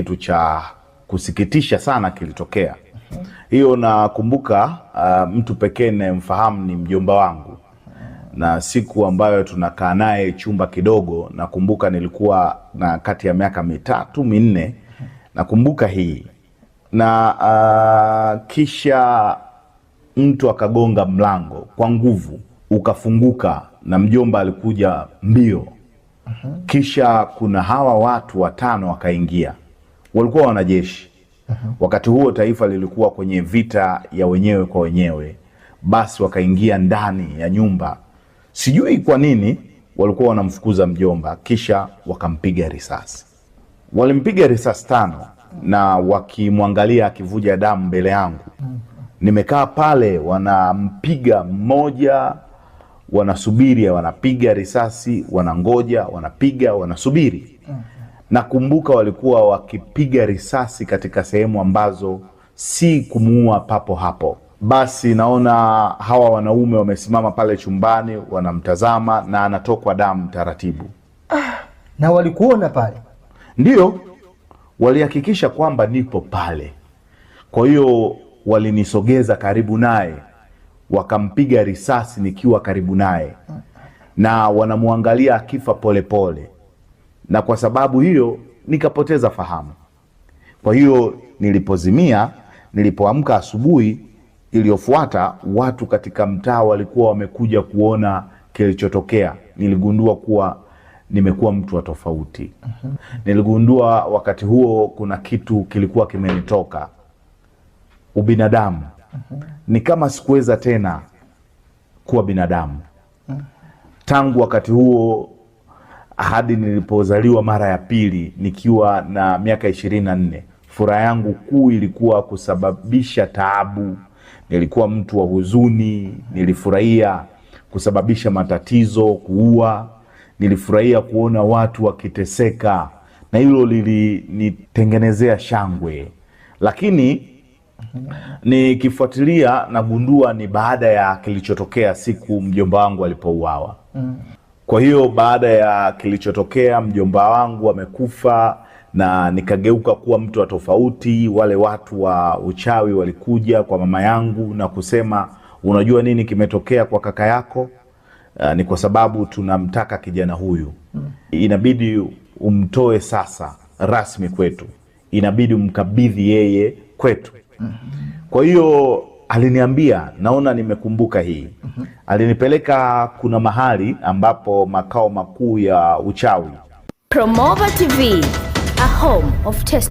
Kitu cha kusikitisha sana kilitokea. Hiyo nakumbuka, uh, mtu pekee ninayemfahamu ni mjomba wangu, na siku ambayo tunakaa naye chumba kidogo, nakumbuka nilikuwa na kati ya miaka mitatu minne, nakumbuka hii na uh, kisha mtu akagonga mlango kwa nguvu ukafunguka, na mjomba alikuja mbio, mhm. kisha kuna hawa watu watano wakaingia walikuwa wanajeshi Wakati huo taifa lilikuwa kwenye vita ya wenyewe kwa wenyewe, basi wakaingia ndani ya nyumba, sijui kwa nini walikuwa wanamfukuza mjomba, kisha wakampiga risasi. Walimpiga risasi tano na wakimwangalia akivuja damu mbele yangu. Mm-hmm. Nimekaa pale, wanampiga mmoja, wanasubiri, wanapiga risasi, wanangoja, wanapiga, wanasubiri. Mm-hmm. Nakumbuka walikuwa wakipiga risasi katika sehemu ambazo si kumuua papo hapo. Basi naona hawa wanaume wamesimama pale chumbani wanamtazama na anatokwa damu taratibu. Ah, na walikuona pale? ndio walihakikisha kwamba nipo pale. Kwa hiyo walinisogeza karibu naye, wakampiga risasi nikiwa karibu naye, na wanamwangalia akifa polepole pole na kwa sababu hiyo nikapoteza fahamu. Kwa hiyo nilipozimia, nilipoamka asubuhi iliyofuata, watu katika mtaa walikuwa wamekuja kuona kilichotokea. Niligundua kuwa nimekuwa mtu wa tofauti. Mhm. Niligundua wakati huo kuna kitu kilikuwa kimenitoka, ubinadamu. Mhm. Ni kama sikuweza tena kuwa binadamu. Mhm. Tangu wakati huo hadi nilipozaliwa mara ya pili nikiwa na miaka ishirini na nne. Furaha yangu kuu ilikuwa kusababisha taabu. Nilikuwa mtu wa huzuni, nilifurahia kusababisha matatizo, kuua. Nilifurahia kuona watu wakiteseka, na hilo lilinitengenezea shangwe. Lakini nikifuatilia nagundua ni baada ya kilichotokea siku mjomba wangu alipouawa. Mm. Kwa hiyo baada ya kilichotokea, mjomba wangu amekufa na nikageuka kuwa mtu wa tofauti. Wale watu wa uchawi walikuja kwa mama yangu na kusema, unajua nini kimetokea kwa kaka yako? Uh, ni kwa sababu tunamtaka kijana huyu, hmm. inabidi umtoe sasa rasmi kwetu, inabidi umkabidhi yeye kwetu. Hmm. Kwa hiyo aliniambia, naona nimekumbuka hii. Alinipeleka kuna mahali ambapo makao makuu ya uchawi. TV, a home of test